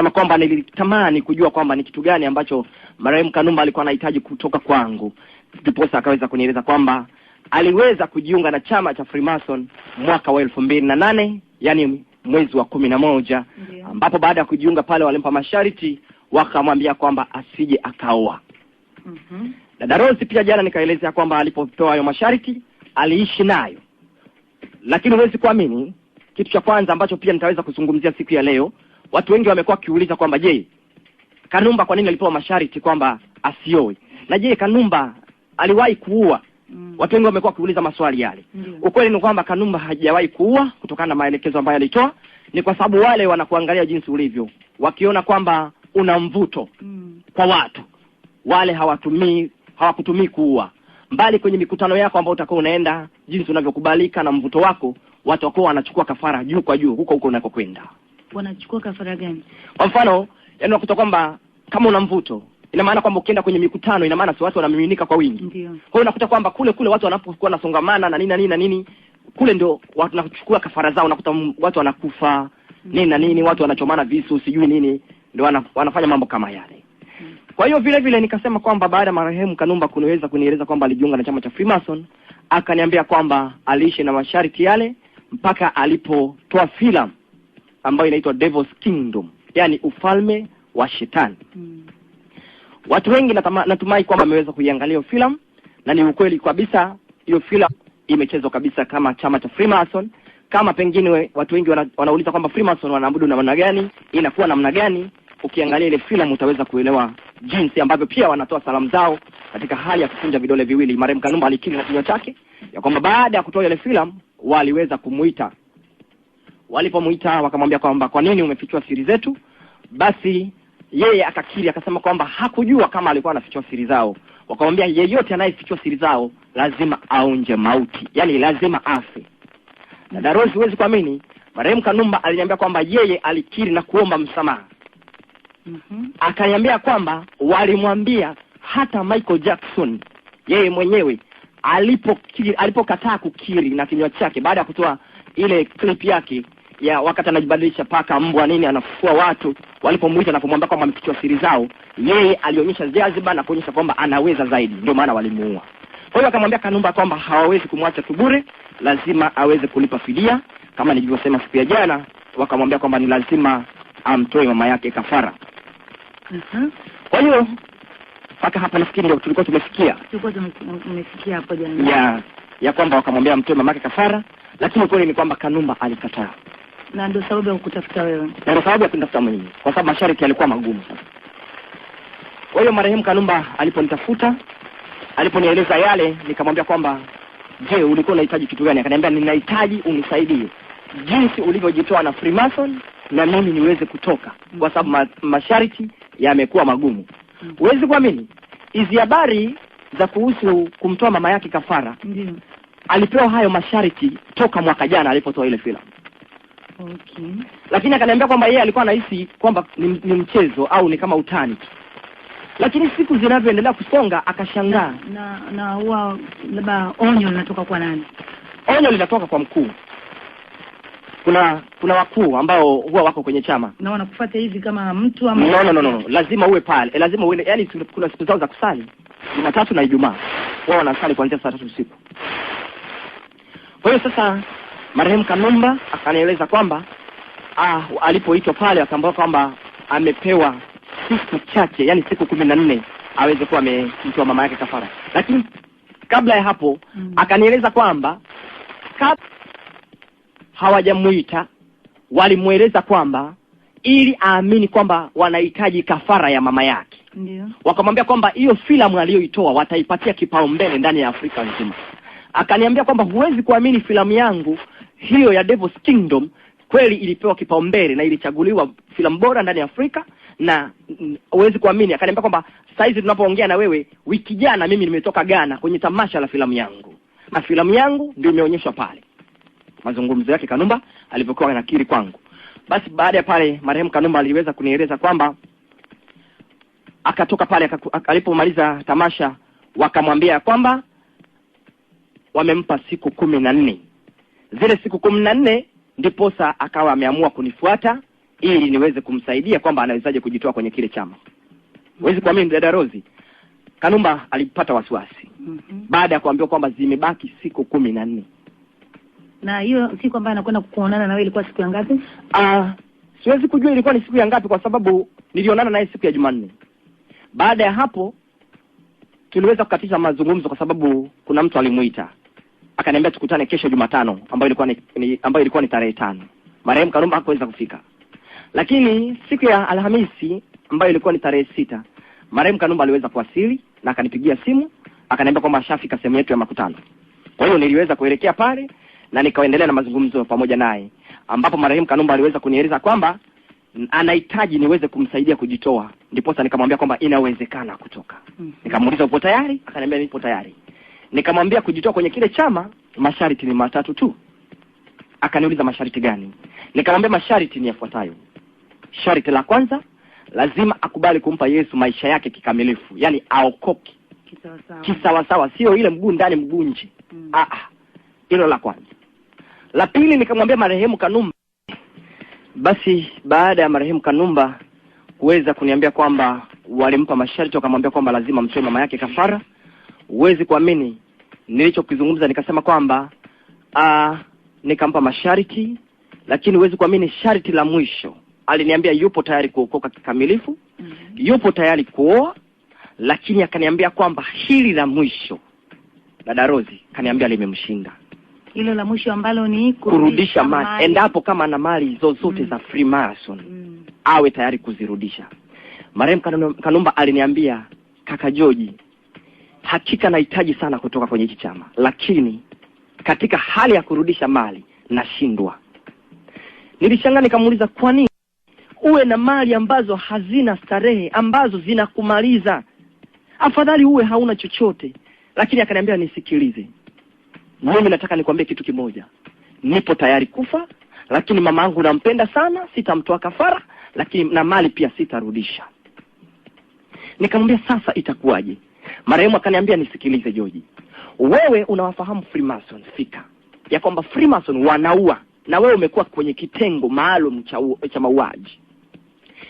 kusema kwamba nilitamani kujua kwamba ni kitu gani ambacho marehemu Kanumba alikuwa anahitaji kutoka kwangu, ndiposa akaweza kunieleza kwamba aliweza kujiunga na chama cha Freemason mwaka wa elfu mbili na nane yani mwezi wa kumi na moja yeah. ambapo baada ya kujiunga pale walimpa masharti, wakamwambia kwamba asije akaoa. mm -hmm. Dada Rose pia jana nikaelezea kwamba alipotoa hayo masharti aliishi nayo, lakini huwezi kuamini kitu cha kwanza ambacho pia nitaweza kuzungumzia siku ya leo watu wengi wamekuwa wakiuliza kwamba je, Kanumba kwa nini alipewa masharti kwamba asioe, na je, Kanumba aliwahi kuua? Mm. Watu wengi wamekuwa wakiuliza maswali yale. Mm. Ukweli ni kwamba Kanumba hajawahi kuua kutokana na maelekezo ambayo alitoa, ni kwa sababu wale wanakuangalia jinsi ulivyo, wakiona kwamba una mvuto mm. kwa watu wale, hawatumii hawakutumii kuua, mbali kwenye mikutano yako ambayo utakuwa unaenda, jinsi unavyokubalika na mvuto wako, watu wako wanachukua kafara juu kwa juu huko huko unakokwenda wanachukua kafara gani? Kwa mfano, yaani unakuta kwamba kama una mvuto ina maana kwamba ukienda kwenye mikutano, ina maana si watu wanamiminika kwa wingi. Ndio. Kwa hiyo unakuta kwamba kule kule watu wanapokuwa wanasongamana na nini na nini na nini, kule ndio watu wanachukua kafara zao, unakuta watu wanakufa mm. nini na nini, watu wanachomana visu, sijui nini, ndio wana, wanafanya mambo kama yale mm. Kwa hiyo vile vile nikasema kwamba baada ya marehemu Kanumba kuniweza kunieleza kwamba alijiunga na chama cha Freemason, akaniambia kwamba aliishi na masharti yale mpaka alipotoa filamu ambayo inaitwa Devil's Kingdom, yani ufalme wa shetani. Mm. Watu wengi natama, natumai kwamba wameweza kuiangalia hiyo filamu na ni ukweli kabisa, hiyo filamu imechezwa kabisa kama chama cha Freemason. Kama pengine watu wengi wana, wanauliza kwamba Freemason wanaabudu namna gani, inakuwa namna gani, ukiangalia ile filamu utaweza kuelewa jinsi ambavyo pia wanatoa salamu zao katika hali ya kukunja vidole viwili. Marehemu Kanumba alikiri na kinywa chake ya kwamba baada ya kutoa ile filamu waliweza kumuita Walipomwita wakamwambia kwamba kwa nini umefichua siri zetu? Basi yeye akakiri akasema kwamba hakujua kama alikuwa anafichua siri zao. Wakamwambia yeyote anayefichua siri zao lazima aonje mauti, yani lazima afe. Na Darose, huwezi kuamini, marehemu Kanumba aliniambia kwamba yeye alikiri na kuomba msamaha. mm -hmm. Akaniambia kwamba walimwambia hata Michael Jackson yeye mwenyewe alipokataa alipo kukiri na kinywa chake baada ya kutoa ile clip yake ya wakati anajibadilisha paka mbwa nini, anafufua watu walipomwita, anapomwambia kwamba amefichwa siri zao, yeye alionyesha jaziba na kuonyesha kwamba anaweza zaidi, ndio maana walimuua. Kwa hiyo akamwambia Kanumba kwamba hawawezi kumwacha tubure lazima aweze kulipa fidia. Kama nilivyosema siku ya jana, wakamwambia kwamba ni lazima amtoe mama yake kafara. Kwa hiyo mpaka hapa nafikiri ndio tulikuwa tumesikia, tulikuwa tumesikia hapo jana ya ya kwamba wakamwambia mtoe yake kafara, lakini ukweli ni kwamba Kanumba alikataa na ndio sababu ya kukutafuta wewe, na ndio sababu ya kunitafuta mimi, kwa sababu masharti yalikuwa magumu Kwa hiyo marehemu Kanumba aliponitafuta, aliponieleza yale, nikamwambia kwamba je, ulikuwa unahitaji kitu gani? Akaniambia ninahitaji unisaidie jinsi ulivyojitoa na Freemason na mimi niweze kutoka, kwa sababu ma masharti yamekuwa magumu. Huwezi kuamini hizi habari za kuhusu kumtoa mama yake kafara. Ndiyo. Alipewa hayo masharti toka mwaka jana alipotoa ile filamu. Okay. Lakini akaniambia kwamba yeye alikuwa anahisi kwamba ni, ni mchezo au ni kama utani lakini siku zinavyoendelea kusonga akashangaa. Na na huwa labda onyo linatoka kwa nani? Onyo linatoka kwa mkuu. Kuna kuna wakuu ambao huwa wako kwenye chama na wanakufuata hivi kama mtu ama no, no, no, no. Lazima uwe pale, eh, lazima uende. Yani kuna siku zao za kusali, Jumatatu na Ijumaa wao wanasali kuanzia saa tatu usiku. Kwa hiyo sasa Marehemu Kanumba akanieleza kwamba ah, alipoitwa pale akaambiwa kwamba amepewa siku chache, yani siku kumi na nne aweze kuwa amemtoa mama yake kafara, lakini kabla ya hapo mm. akanieleza kwamba kabla hawajamuita walimweleza kwamba ili aamini kwamba wanahitaji kafara ya mama yake. ndio Wakamwambia kwamba hiyo filamu aliyoitoa wataipatia kipaumbele ndani ya Afrika nzima. Akaniambia kwamba huwezi kuamini filamu yangu hiyo ya Devil's Kingdom kweli ilipewa kipaumbele na ilichaguliwa filamu bora ndani ya Afrika, na mm, huwezi kuamini, akaniambia kwamba saizi tunapoongea na wewe, wiki jana mimi nimetoka Ghana kwenye tamasha la filamu yangu, na filamu yangu ndio imeonyeshwa pale. Mazungumzo yake Kanumba alivyokuwa anakiri kwangu. Basi baada ya pale, marehemu Kanumba aliweza kunieleza kwamba akatoka pale alipomaliza tamasha, wakamwambia kwamba wamempa siku kumi na nne zile siku kumi na nne ndiposa akawa ameamua kunifuata ili niweze kumsaidia kwamba anawezaje kujitoa kwenye kile chama. Huwezi kuamini dada Rozi, Kanumba alipata wasiwasi mhm. baada ya kuambiwa kwamba zimebaki siku kumi na nne na hiyo siku ambayo anakwenda kuonana na wewe ilikuwa siku ya ngapi? Ah, siwezi kujua ilikuwa ni siku ya ngapi, kwa sababu nilionana naye siku ya Jumanne. Baada ya hapo tuliweza kukatisha mazungumzo, kwa sababu kuna mtu alimuita akaniambia tukutane kesho Jumatano, ambayo ilikuwa ni, ambayo ilikuwa ni tarehe tano. Marehemu Karumba hakuweza kufika, lakini siku ya Alhamisi ambayo ilikuwa ni tarehe sita marehemu Kanumba aliweza kuwasili na akanipigia simu akaniambia kwamba ashafika sehemu yetu ya makutano. Kwa hiyo niliweza kuelekea pale na nikaendelea na mazungumzo pamoja naye, ambapo marehemu Kanumba aliweza kunieleza kwamba anahitaji niweze kumsaidia kujitoa, ndipo sasa nikamwambia kwamba inawezekana kutoka. Mm-hmm. Nikamuuliza upo tayari? Akaniambia nipo tayari. Nikamwambia kujitoa kwenye kile chama masharti ni matatu tu. Akaniuliza masharti gani? Nikamwambia masharti ni yafuatayo. Sharti la kwanza, lazima akubali kumpa Yesu maisha yake kikamilifu, yani aokoke kisawasawa, sio ile mguu ndani mguu nje. Mm. Ah, ah, hilo la kwanza. La pili, nikamwambia marehemu Kanumba. Basi baada ya marehemu Kanumba kuweza kuniambia kwamba walimpa masharti, wakamwambia kwamba lazima mtoe mama yake kafara huwezi kuamini nilichokizungumza, nikasema kwamba nikampa masharti, lakini huwezi kuamini sharti la mwisho aliniambia yupo tayari kuokoka kikamilifu, mm -hmm. yupo tayari kuoa, lakini akaniambia kwamba hili la mwisho, dada Rozi kaniambia limemshinda hilo la mwisho ambalo ni kurudisha mali, endapo kama ana mali zozote mm. za marathon mm. awe tayari kuzirudisha. Marehemu Kanumba aliniambia, kaka Joji, hakika nahitaji sana kutoka kwenye hichi chama, lakini katika hali ya kurudisha mali nashindwa. Nilishangaa nikamuuliza, kwa nini uwe na mali ambazo hazina starehe, ambazo zinakumaliza? Afadhali uwe hauna chochote. Lakini akaniambia nisikilize, mimi nataka nikwambie kitu kimoja, nipo tayari kufa, lakini mama yangu nampenda sana, sitamtoa kafara, lakini na mali pia sitarudisha. Nikamwambia sasa itakuwaje? Marehemu akaniambia nisikilize, Joji, wewe unawafahamu Freemason fika ya kwamba Freemason wanaua na wewe umekuwa kwenye kitengo maalum cha, cha mauaji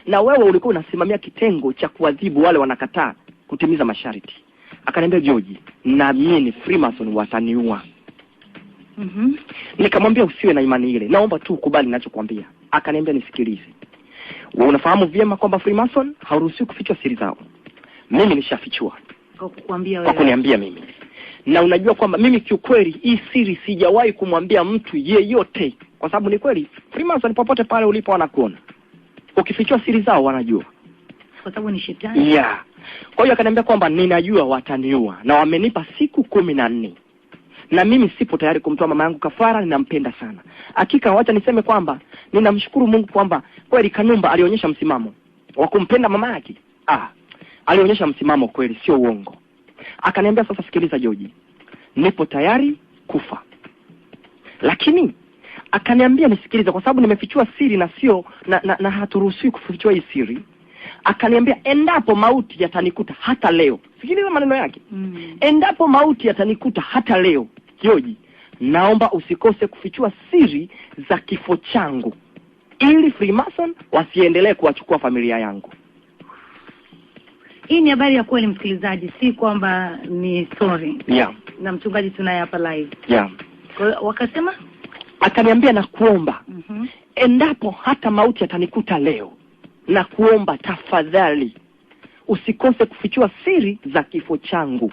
na wewe ulikuwa unasimamia kitengo cha kuadhibu wale wanakataa kutimiza masharti. Akaniambia Joji, na mimi ni Freemason, wataniua. mm -hmm. Nikamwambia usiwe na imani ile, naomba tu ukubali ninachokwambia. Akaniambia nisikilize, wewe unafahamu vyema kwamba Freemason hauruhusiwi kufichwa siri zao. Mimi nishafichua Hakukuambia wewe? kuniambia mimi. Na unajua kwamba mimi kiukweli, hii siri sijawahi kumwambia mtu yeyote, kwa sababu ni kweli Freemason popote pale ulipo wanakuona, ukifichua siri zao wanajua, kwa sababu ni shetani yeah. Kwa hiyo akaniambia kwamba ninajua wataniua na wamenipa siku kumi na nne na mimi sipo tayari kumtoa mama yangu kafara, ninampenda sana. Hakika wacha niseme kwamba ninamshukuru Mungu kwamba kweli Kanumba alionyesha msimamo wa kumpenda mama yake. Ah, alionyesha msimamo kweli, sio uongo. Akaniambia, sasa sikiliza Joji, nipo tayari kufa, lakini akaniambia nisikilize, kwa sababu nimefichua siri na sio na, na, na haturuhusiwi kufichua hii siri. Akaniambia endapo mauti yatanikuta hata leo, sikiliza maneno yake mm. endapo mauti yatanikuta hata leo, Joji, naomba usikose kufichua siri za kifo changu ili Freemason wasiendelee kuwachukua familia yangu. Hii ni habari ya kweli msikilizaji, si kwamba ni story. Yeah. Na mchungaji tunaye hapa live. Yeah. Kwa hiyo wakasema akaniambia na kuomba. Mm -hmm. Endapo hata mauti atanikuta leo na kuomba tafadhali usikose kufichua siri za kifo changu,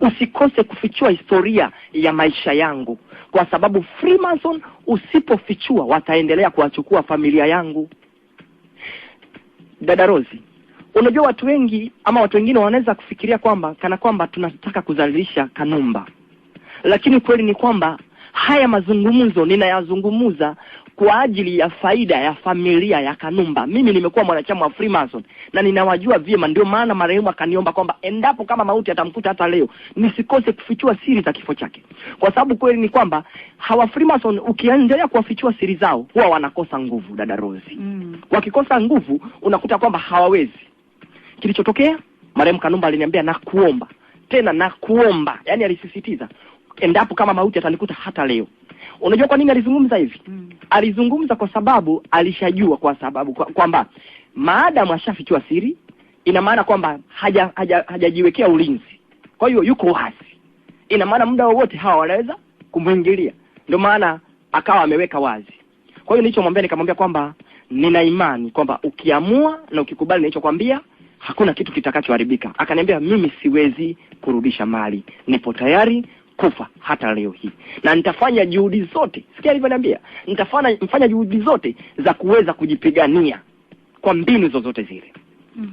usikose kufichua historia ya maisha yangu, kwa sababu Freemason usipofichua wataendelea kuwachukua familia yangu. Dada Rozi, Unajua, watu wengi ama watu wengine wanaweza kufikiria kwamba kana kwamba tunataka kuzalisha Kanumba, lakini kweli ni kwamba haya mazungumzo ninayazungumza kwa ajili ya faida ya familia ya Kanumba. Mimi nimekuwa mwanachama wa Freemason na ninawajua vyema, ndio maana marehemu akaniomba kwamba endapo kama mauti atamkuta hata leo, nisikose kufichua siri za kifo chake, kwa sababu kweli ni kwamba hawa Freemason ukiendelea kuwafichua siri zao huwa wanakosa nguvu, dada Rozi. Mm. Wakikosa nguvu unakuta kwamba hawawezi Kilichotokea, marehemu Kanumba aliniambia nakuomba tena, nakuomba, yani alisisitiza, endapo kama mauti atanikuta hata leo. Unajua kwa nini alizungumza hivi? Mm. Alizungumza kwa sababu alishajua, kwa sababu kwamba kwa maadamu ashafichua siri, ina maana kwamba haja hajajiwekea haja ulinzi, kwa hiyo yuko wazi, ina maana muda wowote hawa wanaweza kumwingilia, ndio maana akawa ameweka wazi. Kwa hiyo nilichomwambia nikamwambia kwamba nina imani kwamba ukiamua na ukikubali nilichokwambia hakuna kitu kitakachoharibika. Akaniambia mimi siwezi kurudisha mali, nipo tayari kufa hata leo hii, na nitafanya juhudi zote. Sikia alivyoniambia, nitafanya mfanya juhudi zote za kuweza kujipigania kwa mbinu zozote zile. Mm.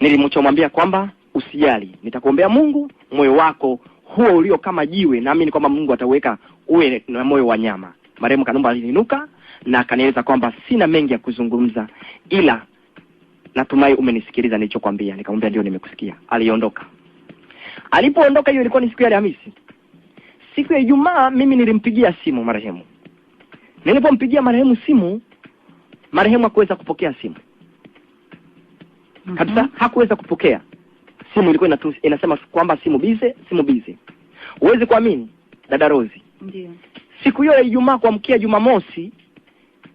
Nilimchomwambia kwamba usijali, nitakuombea Mungu, moyo wako huo ulio kama jiwe, naamini kwamba Mungu atauweka uwe na moyo wa nyama. Marehemu Kanumba alininuka na akanieleza kwamba sina mengi ya kuzungumza ila natumai umenisikiliza nilichokwambia. Nikamwambia ndio, nimekusikia. Aliondoka. Alipoondoka, hiyo ilikuwa ni siku ya Alhamisi. Siku ya Ijumaa mimi nilimpigia simu marehemu. Nilipompigia marehemu simu, marehemu hakuweza kupokea simu kabisa. mm -hmm. Hakuweza kupokea simu, ilikuwa inatu, inasema kwamba simu bize, simu bize. Huwezi kuamini dada Rozi. ndio Siku hiyo ya Ijumaa kuamkia Jumamosi,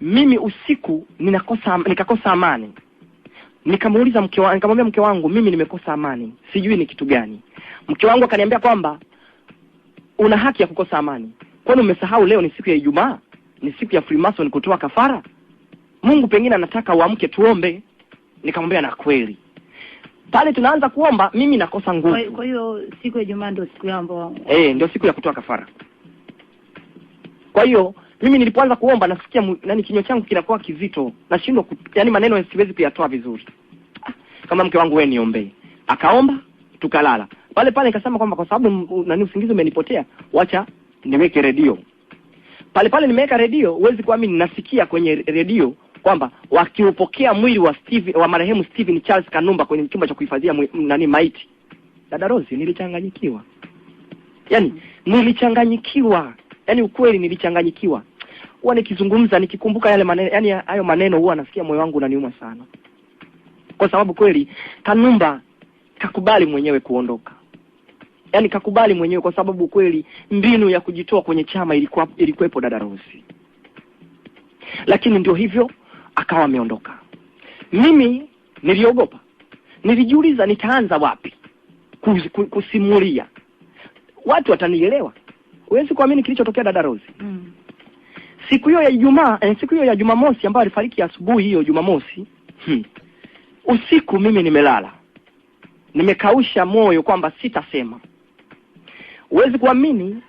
mimi usiku ninakosa nikakosa amani Nikamuuliza mke wangu, nikamwambia mke wangu, mimi nimekosa amani, sijui ni kitu gani. Mke wangu akaniambia kwamba una haki ya kukosa amani, kwani umesahau leo ni siku ya Ijumaa, ni siku ya Freemason kutoa kafara? Mungu pengine anataka uamke tuombe. Nikamwambia na kweli. Pale tunaanza kuomba, mimi nakosa nguvu. Kwa hiyo siku ya Ijumaa ndio siku ya ambao eh, ndio siku ya kutoa kafara. Kwa hiyo mimi nilipoanza kuomba nasikia nani, kinywa changu kinakuwa kizito, nashindwa yaani, maneno siwezi kuyatoa vizuri. Kama mke wangu, wewe niombee. Akaomba tukalala pale pale, nikasema kwamba kwa sababu nani, usingizi umenipotea, wacha niweke redio pale pale. Nimeweka redio, huwezi kuamini, nasikia kwenye redio kwamba wakiupokea mwili wa Steve, wa marehemu steven Charles Kanumba kwenye chumba cha kuhifadhia nani maiti. Dada Rose, nilichanganyikiwa, yaani nilichanganyikiwa, yaani ukweli nilichanganyikiwa huwa nikizungumza nikikumbuka yale maneno, yani hayo maneno huwa nasikia moyo wangu unaniuma sana, kwa sababu kweli Kanumba kakubali mwenyewe kuondoka, yani kakubali mwenyewe, kwa sababu kweli mbinu ya kujitoa kwenye chama ilikuwa ilikuwepo dada Rose, lakini ndio hivyo akawa ameondoka. Mimi niliogopa, nilijiuliza nitaanza wapi kusimulia, watu watanielewa. Huwezi kuamini kilichotokea dada Rose. Mm siku hiyo ya Ijumaa eh, siku hiyo ya Jumamosi ambayo alifariki asubuhi hiyo Jumamosi hmm. Usiku mimi nimelala nimekausha moyo kwamba sitasema. Huwezi kuamini,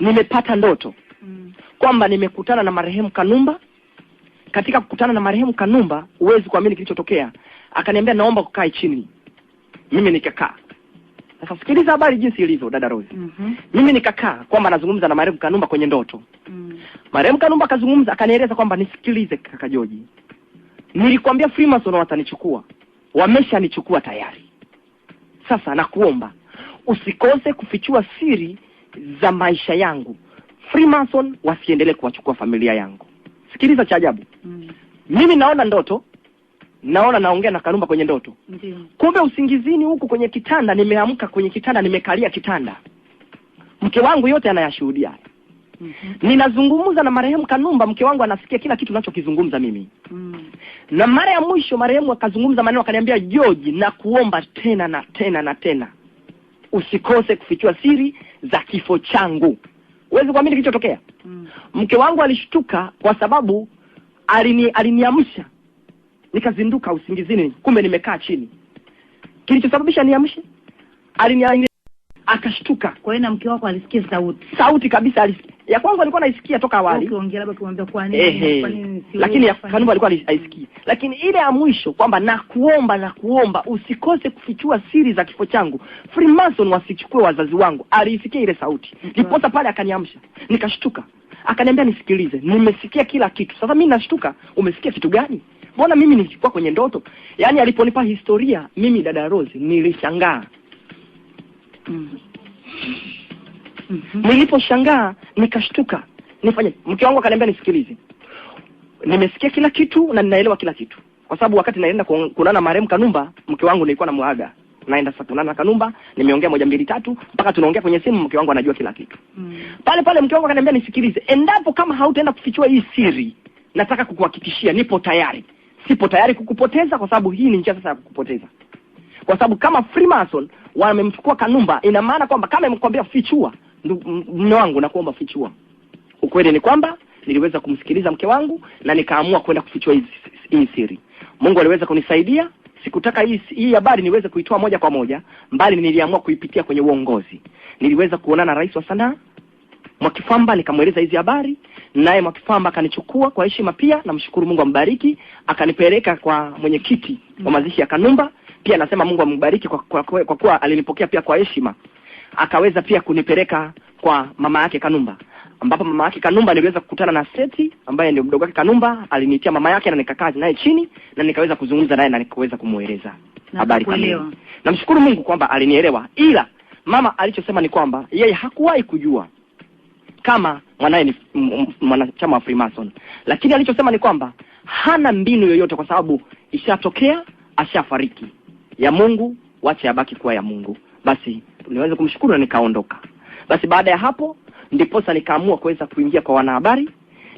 nimepata ndoto hmm. kwamba nimekutana na marehemu Kanumba. Katika kukutana na marehemu Kanumba, huwezi kuamini kilichotokea. Akaniambia naomba kukaa chini, mimi nikakaa. Sasa sikiliza habari jinsi ilivyo, dada Rose. mm -hmm. Mimi nikakaa kwamba nazungumza na marehemu Kanumba kwenye ndoto. mm. Marehemu Kanumba akazungumza, akanieleza kwamba nisikilize kaka George, nilikwambia Freemason watanichukua, wameshanichukua tayari. Sasa nakuomba usikose kufichua siri za maisha yangu, Freemason wasiendelee kuwachukua familia yangu. Sikiliza cha ajabu. mm. Mimi naona ndoto naona naongea na Karumba kwenye ndoto. ndio Kumbe usingizini huku kwenye kitanda nimeamka kwenye kitanda nimekalia kitanda. Mke wangu yote anayashuhudia. Mm -hmm. Ninazungumza na marehemu Kanumba, mke wangu anasikia kila kitu ninachokizungumza mimi. Mm. Na mara ya mwisho marehemu akazungumza maneno akaniambia, George, na kuomba tena na tena na tena usikose kufichua siri za kifo changu. uwezi kuamini kilichotokea. Mm. Mke wangu alishtuka kwa sababu alini aliniamsha nikazinduka usingizini, kumbe nimekaa chini. Kilichosababisha niamshe aliniaini, akashtuka. Kwa hiyo na mke wako alisikia sauti, sauti kabisa alisikia. Ya kwangu alikuwa anaisikia toka awali, ukiongea labda kumwambia kwa nini, hey, lakini ya Kanumba alikuwa haisikia, lakini ile ya mwisho kwamba nakuomba, nakuomba usikose kufichua siri za kifo changu, Freemason wasichukue wazazi wangu. Aliisikia ile sauti, mm-hmm. niposa pale akaniamsha, nikashtuka. Akaniambia nisikilize, nimesikia kila kitu. Sasa mimi nashtuka, umesikia kitu gani? mbona mimi nilikuwa kwenye ndoto? Yaani aliponipa historia mimi dada Rose nilishangaa. mm. mm -hmm. Niliposhangaa nikashtuka, nifanye mke wangu akaniambia nisikilize, nimesikia kila kitu na ninaelewa kila kitu, kwa sababu wakati naenda kunana marehemu Kanumba, mke wangu nilikuwa namwaga naenda sasa kunana Kanumba, nimeongea moja mbili tatu, mpaka tunaongea kwenye simu, mke wangu anajua kila kitu mm. Pale pale mke wangu akaniambia nisikilize, endapo kama hautaenda kufichua hii siri, nataka kukuhakikishia nipo tayari sipo tayari kukupoteza kwa sababu hii ni njia sasa ya kukupoteza kwa sababu kama Freemason wamemchukua Kanumba, ina maana kwamba kama imekwambia fichua, mume wangu, nakuomba fichua. Ukweli ni kwamba niliweza kumsikiliza mke wangu na nikaamua kwenda kufichua hii siri. Mungu aliweza kunisaidia. Sikutaka hii hii habari niweze kuitoa moja kwa moja, mbali niliamua kuipitia kwenye uongozi. Niliweza kuonana na rais wa sanaa Mwakifamba nikamweleza hizi habari, naye Mwakifamba akanichukua kwa heshima pia, namshukuru Mungu ambariki, akanipeleka kwa mwenyekiti wa mazishi ya Kanumba. Pia nasema Mungu ambariki kwa, kwa, kwa, kwa kuwa alinipokea pia kwa heshima, akaweza pia kunipeleka kwa mama yake Kanumba ambapo mama yake Kanumba niliweza kukutana na Seti ambaye ndio mdogo wake Kanumba, alinitia mama yake na nikakaa naye chini na nikaweza kuzungumza naye na nikaweza kumweleza habari kamili. Namshukuru Mungu kwamba alinielewa, ila mama alichosema ni kwamba yeye hakuwahi kujua kama mwanaye ni mwanachama wa Freemason, lakini alichosema ni kwamba hana mbinu yoyote, kwa sababu ishatokea, ashafariki. Ya Mungu wacha yabaki kuwa ya Mungu. Basi niweze kumshukuru na nikaondoka. Basi baada ya hapo ndiposa nikaamua kuweza kuingia kwa wanahabari,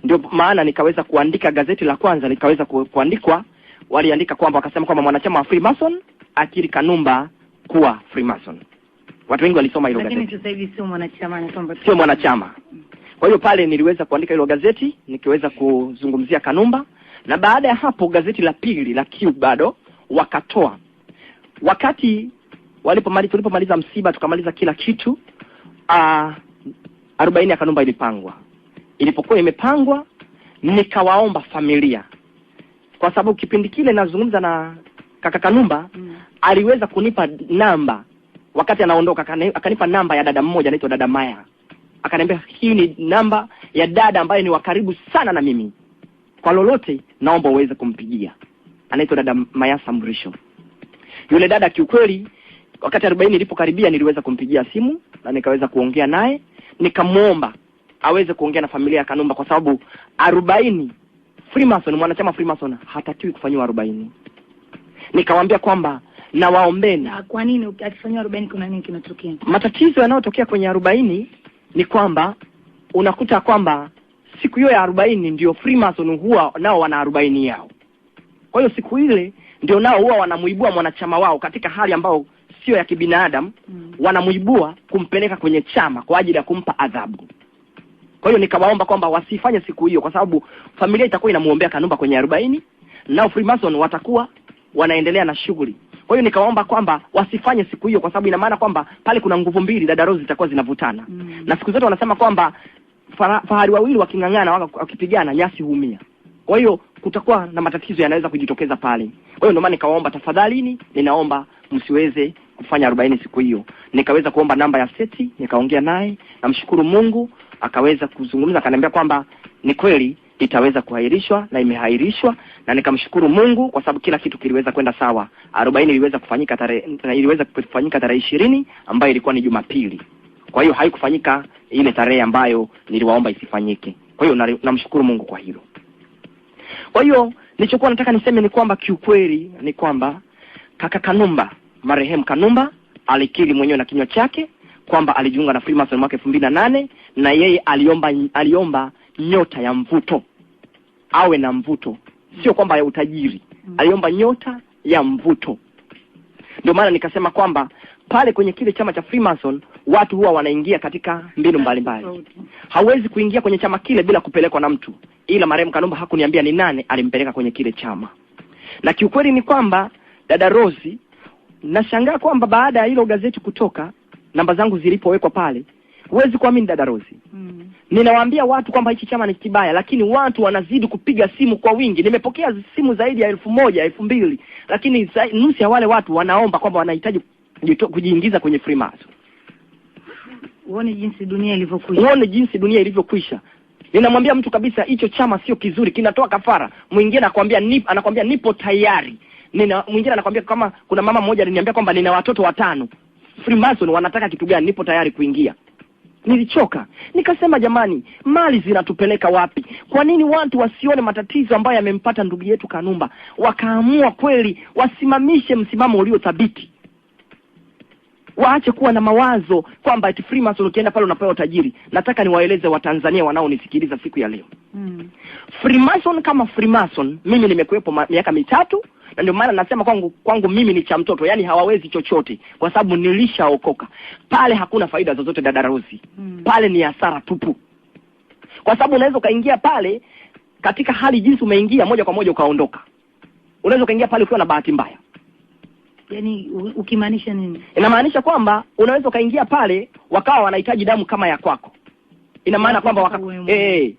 ndio maana nikaweza kuandika gazeti la kwanza nikaweza kuandikwa. Waliandika kwamba wakasema kwamba mwanachama wa Freemason akiri Kanumba kuwa Freemason watu wengi walisoma hilo gazeti, lakini sasa hivi sio mwanachama, anasoma sio mwanachama. Kwa hiyo pale niliweza kuandika hilo gazeti, nikiweza kuzungumzia Kanumba, na baada ya hapo gazeti la pili la kiu bado wakatoa wakati walipomaliza, tulipomaliza msiba tukamaliza kila kitu uh, arobaini ya Kanumba ilipangwa. Ilipokuwa imepangwa, nikawaomba familia, kwa sababu kipindi kile nazungumza na kaka Kanumba mm. aliweza kunipa namba Wakati anaondoka akanipa namba ya dada mmoja anaitwa dada Maya, akaniambia hii ni namba ya dada ambaye ni wa karibu sana na mimi, kwa lolote naomba uweze kumpigia. Anaitwa dada Maya Samrisho. Yule dada kiukweli, wakati arobaini ilipokaribia, niliweza kumpigia simu na nikaweza kuongea naye, nikamwomba aweze kuongea na familia ya Kanumba kwa sababu 40 Freemason, mwanachama Freemason hatakiwi kufanywa 40 Nikamwambia kwamba na waombeni. Ah, kwa nini akifanyiwa arobaini kuna nini kinatokea? Matatizo yanayotokea kwenye arobaini ni kwamba unakuta kwamba siku hiyo ya arobaini ndio Freemason huwa nao wana arobaini yao. Kwa hiyo siku ile ndio nao huwa wanamuibua mwanachama wao katika hali ambayo sio ya kibinadamu mm. Wanamuibua kumpeleka kwenye chama kwa ajili ya kumpa adhabu. Kwa hiyo nikawaomba kwamba wasifanye siku hiyo, kwa sababu familia itakuwa inamuombea Kanumba kwenye arobaini, nao Freemason watakuwa wanaendelea na shughuli. Kwa hiyo nikawaomba kwamba wasifanye siku hiyo, kwa sababu ina maana kwamba pale kuna nguvu mbili dada Rose zitakuwa zinavutana mm. na siku zote wanasema kwamba fahari wawili waking'ang'ana, wakipigana nyasi huumia. Kwa hiyo kutakuwa na matatizo yanaweza kujitokeza pale. Kwa hiyo ndio maana nikawaomba, tafadhalini, ninaomba msiweze kufanya arobaini siku hiyo. Nikaweza kuomba namba ya Seti, nikaongea naye, namshukuru Mungu akaweza kuzungumza, akaniambia kwamba ni kweli itaweza kuhairishwa na imehairishwa, na nikamshukuru Mungu kwa sababu kila kitu kiliweza kwenda sawa. 40 iliweza kufanyika tarehe iliweza kufanyika tarehe ishirini ambayo ilikuwa ni Jumapili, kwa hiyo haikufanyika ile tarehe ambayo niliwaomba isifanyike. Kwa hiyo namshukuru Mungu kwa hilo. Kwa hiyo nilichokuwa nataka niseme ni kwamba kiukweli ni kwamba kaka Kanumba, marehemu Kanumba alikiri mwenyewe na kinywa chake kwamba alijiunga na Freemason mwaka 2008 na na yeye aliomba aliomba nyota ya mvuto, awe na mvuto, sio kwamba ya utajiri. Aliomba nyota ya mvuto. Ndio maana nikasema kwamba pale kwenye kile chama cha Freemason watu huwa wanaingia katika mbinu mbalimbali. Hauwezi kuingia kwenye chama kile bila kupelekwa na mtu, ila marehemu Kanumba hakuniambia ni nani alimpeleka kwenye kile chama. Na kiukweli ni kwamba dada Rosi, nashangaa kwamba baada ya hilo gazeti kutoka, namba zangu zilipowekwa pale huwezi kuamini dada Rosi. Mm. Ninawaambia watu kwamba hichi chama ni kibaya, lakini watu wanazidi kupiga simu kwa wingi. Nimepokea simu zaidi ya elfu moja elfu mbili lakini nusu ya wale watu wanaomba kwamba wanahitaji kujiingiza kwenye Freemason. Uone jinsi dunia ilivyokwisha, uone jinsi dunia ilivyokwisha. Ninamwambia mtu kabisa, hicho chama sio kizuri, kinatoa kafara. Mwingine anakwambia nip, anakwambia nipo tayari. Nina mwingine anakwambia, kama kuna mama mmoja aliniambia kwamba nina watoto watano. Freemason wanataka kitu gani? Nipo tayari kuingia. Nilichoka nikasema, jamani, mali zinatupeleka wapi? Kwa nini watu wasione matatizo ambayo yamempata ndugu yetu Kanumba, wakaamua kweli wasimamishe msimamo ulio thabiti waache kuwa na mawazo kwamba eti Freemason ukienda pale unapewa utajiri. Nataka niwaeleze Watanzania wanaonisikiliza siku ya leo mm. Freemason kama Freemason, mimi nimekuwepo miaka mitatu na ndio maana nasema kwangu, kwangu mimi ni cha mtoto, yani hawawezi chochote kwa sababu nilishaokoka. Pale hakuna faida zozote dada Rosi mm. pale ni hasara tupu, kwa sababu unaweza ukaingia pale katika hali jinsi umeingia moja kwa moja ukaondoka. Unaweza ukaingia pale ukiwa na bahati mbaya. Yani ukimaanisha nini? Inamaanisha kwamba unaweza ukaingia pale wakawa wanahitaji damu kama ya kwako, ina maana kwamba waka, eh, eh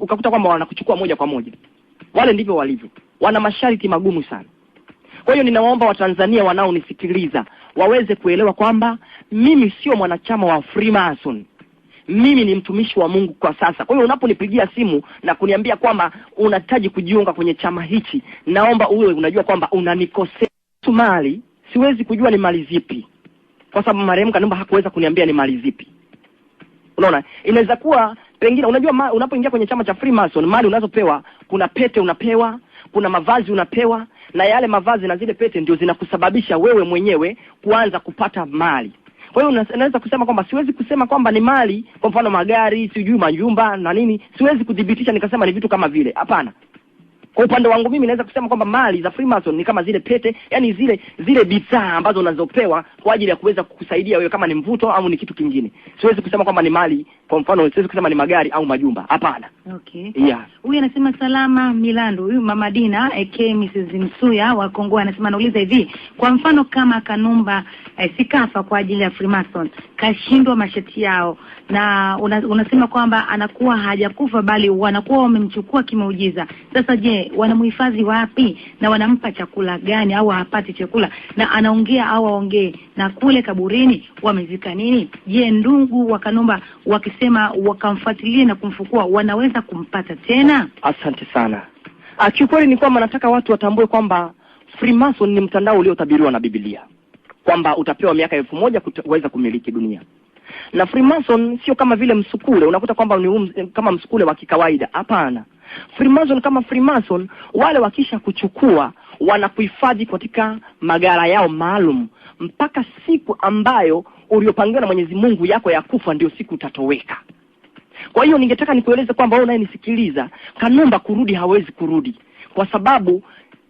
ukakuta kwamba wanakuchukua moja kwa moja wale ndivyo walivyo, wana masharti magumu sana. Kwa hiyo ninawaomba Watanzania wanaonisikiliza waweze kuelewa kwamba mimi sio mwanachama wa Freemason, mimi ni mtumishi wa Mungu kwa sasa. Kwa hiyo unaponipigia simu na kuniambia kwamba unahitaji kujiunga kwenye chama hichi, naomba uwe unajua kwamba unanikosea. Mali siwezi kujua ni mali zipi, kwa sababu marehemu Kanumba hakuweza kuniambia ni mali zipi. Unaona, inaweza kuwa pengine unajua, unapoingia kwenye chama cha Freemason, mali unazopewa, kuna pete unapewa, kuna mavazi unapewa, na yale mavazi na zile pete ndio zinakusababisha wewe mwenyewe kuanza kupata mali. Kwa hiyo unaweza kusema kwamba siwezi kusema kwamba ni mali, kwa mfano magari, sijui majumba na nini, siwezi kudhibitisha nikasema ni vitu kama vile, hapana. Kwa upande wangu mimi naweza kusema kwamba mali za Freemason ni kama zile pete, yani zile zile bidhaa ambazo unazopewa kwa ajili ya kuweza kukusaidia wewe, kama ni mvuto au ni kitu kingine. Siwezi kusema kwamba ni mali kwa mfano siwezi kusema ni magari au majumba, hapana. Okay, yeah. Huyu anasema Salama Milando, huyu mama Dina AK Mrs Msuya wa Kongo anasema, anauliza hivi, kwa mfano kama Kanumba eh, sikafa kwa ajili ya Freemason kashindwa mashati yao, na una, unasema kwamba anakuwa hajakufa bali wanakuwa wamemchukua kimeujiza. Sasa je, wanamhifadhi wapi na wanampa chakula gani au hapati chakula na anaongea au aongee? Na kule kaburini wamezika nini? Je, ndugu wa Kanumba waki unaposema wakamfuatilia na kumfukua, wanaweza kumpata tena? Asante sana. Ah, kiukweli ni kwamba nataka watu watambue kwamba Freemason ni mtandao uliotabiriwa na Biblia kwamba utapewa miaka elfu moja kuweza kumiliki dunia na Freemason sio kama vile msukule, unakuta kwamba ni um, kama msukule wa kikawaida. Hapana, Freemason kama Freemason, wale wakisha kuchukua wanakuhifadhi katika magara yao maalum mpaka siku ambayo uliopangiwa na Mwenyezi Mungu yako ya kufa ndio siku utatoweka. Kwa hiyo ningetaka nikueleze kwamba wewe unayenisikiliza, Kanumba kurudi hawezi kurudi kwa sababu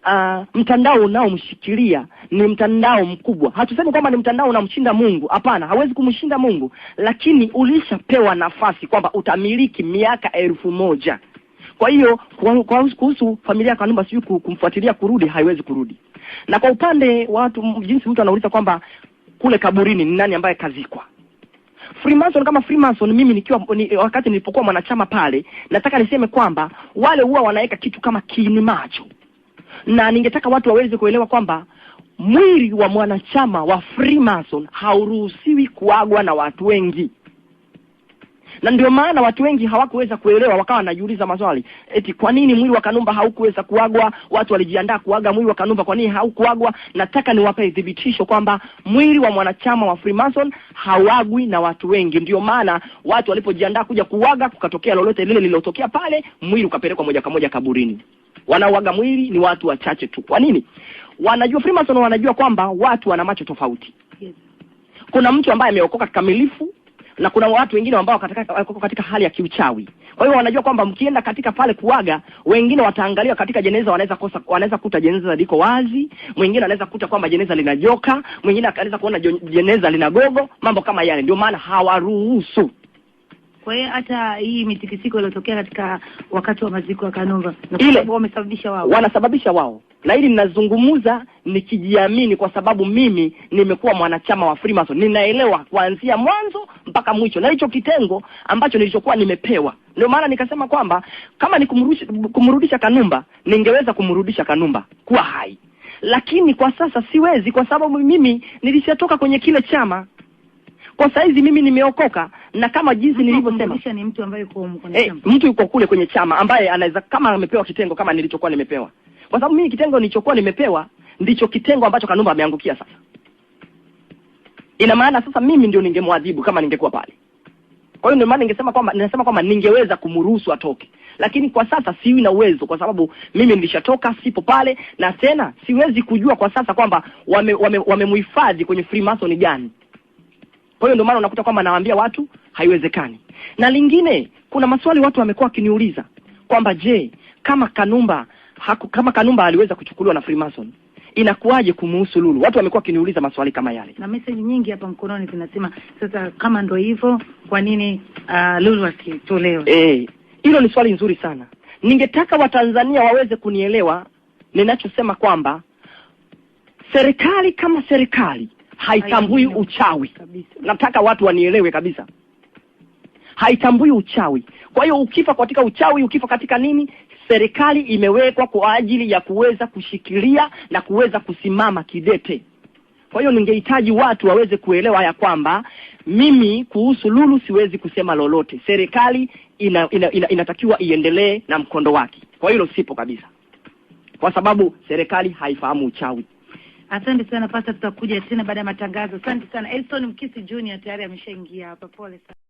Uh, mtandao unaomshikilia ni mtandao mkubwa. Hatusemi kwamba ni mtandao unamshinda Mungu, hapana, hawezi kumshinda Mungu, lakini ulishapewa nafasi kwamba utamiliki miaka elfu moja. Kwa hiyo kuhusu familia ya Kanumba, sijui kumfuatilia kurudi, haiwezi kurudi. Na kwa upande wa watu, jinsi mtu anauliza kwamba kule kaburini ni nani ambaye kazikwa. Freemason kama Freemason, mimi nikiwa ni, eh, wakati nilipokuwa mwanachama pale, nataka niseme kwamba wale huwa wanaweka kitu kama kiini macho, na ningetaka watu waweze kuelewa kwamba mwili wa mwanachama wa Freemason hauruhusiwi kuagwa na watu wengi na ndio maana watu wengi hawakuweza kuelewa, wakawa wanajiuliza maswali eti kwa nini mwili wa Kanumba haukuweza kuagwa? Watu walijiandaa kuaga mwili wa Kanumba, kwa nini haukuagwa? Nataka niwape thibitisho kwamba mwili wa mwanachama wa Freemason hauagwi na watu wengi. Ndio maana watu walipojiandaa kuja kuaga, kukatokea lolote lile lililotokea pale, mwili ukapelekwa moja kwa moja kaburini. Wanaoaga mwili ni watu wachache tu. Kwa nini? Wanajua Freemason wanajua kwamba watu wana macho tofauti. Kuna mtu ambaye ameokoka kikamilifu na kuna watu wengine ambao katika, katika hali ya kiuchawi. Kwa hiyo wanajua kwamba mkienda katika pale kuaga, wengine wataangalia katika jeneza, wanaweza kosa, wanaweza kuta jeneza liko wazi, mwingine anaweza kuta kwamba jeneza lina joka, mwingine anaweza kuona jeneza lina gogo, mambo kama yale. Ndio maana hawaruhusu. Kwa hiyo hata hii mitikisiko iliyotokea katika wakati wa maziko ya Kanumba, na wamesababisha wao, wanasababisha wao na ninazungumza nikijiamini, kwa sababu mimi nimekuwa mwanachama wa Freemason, ninaelewa kuanzia mwanzo mpaka mwisho, na hicho kitengo ambacho nilichokuwa nimepewa. Ndio maana nikasema kwamba kama ni kumrudisha, Kanumba, ningeweza kumrudisha Kanumba kuwa hai, lakini kwa sasa siwezi, kwa sababu mimi nilishatoka kwenye kile chama kwa saizi mimi nimeokoka, na kama jinsi nilivyosema, ni mtu ambaye yuko hey, eh, mtu yuko kule kwenye chama ambaye anaweza kama amepewa kitengo kama nilichokuwa nimepewa kwa sababu mimi kitengo nilichokuwa nimepewa ndicho kitengo ambacho Kanumba ameangukia sasa. Ina maana sasa mimi ndio ningemwadhibu kama ningekuwa pale. Kwa hiyo ndio maana ningesema kwamba ninasema kwamba ningeweza kumruhusu atoke, lakini kwa sasa siwi na uwezo, kwa sababu mimi nilishatoka, sipo pale, na tena siwezi kujua kwa sasa kwamba wamemhifadhi wame, wame kwenye Freemason gani. Kwa hiyo ndio maana unakuta kwamba nawaambia watu haiwezekani. Na lingine, kuna maswali watu wamekuwa wakiniuliza kwamba je, kama Kanumba haku, kama Kanumba aliweza kuchukuliwa na Freemason inakuwaje kumuhusu Lulu? Watu wamekuwa wakiniuliza maswali kama yale, na message nyingi hapa mkononi zinasema sasa, kama ndo hivyo, kwa nini uh, Lulu asitolewe? Eh, hilo ni swali nzuri sana. Ningetaka Watanzania waweze kunielewa ninachosema kwamba serikali kama serikali haitambui uchawi kabisa. Nataka watu wanielewe kabisa, haitambui uchawi. Kwa hiyo ukifa katika uchawi, ukifa katika nini, serikali imewekwa kwa ajili ya kuweza kushikilia na kuweza kusimama kidete. Kwa hiyo ningehitaji watu waweze kuelewa ya kwamba mimi kuhusu Lulu siwezi kusema lolote. Serikali ina, ina, ina, inatakiwa iendelee na mkondo wake. Kwa hilo sipo kabisa, kwa sababu serikali haifahamu uchawi. Asante sana pasta, tutakuja tena baada ya matangazo. Asante sana Elson Mkisi Junior, tayari ameshaingia hapa. Pole sana.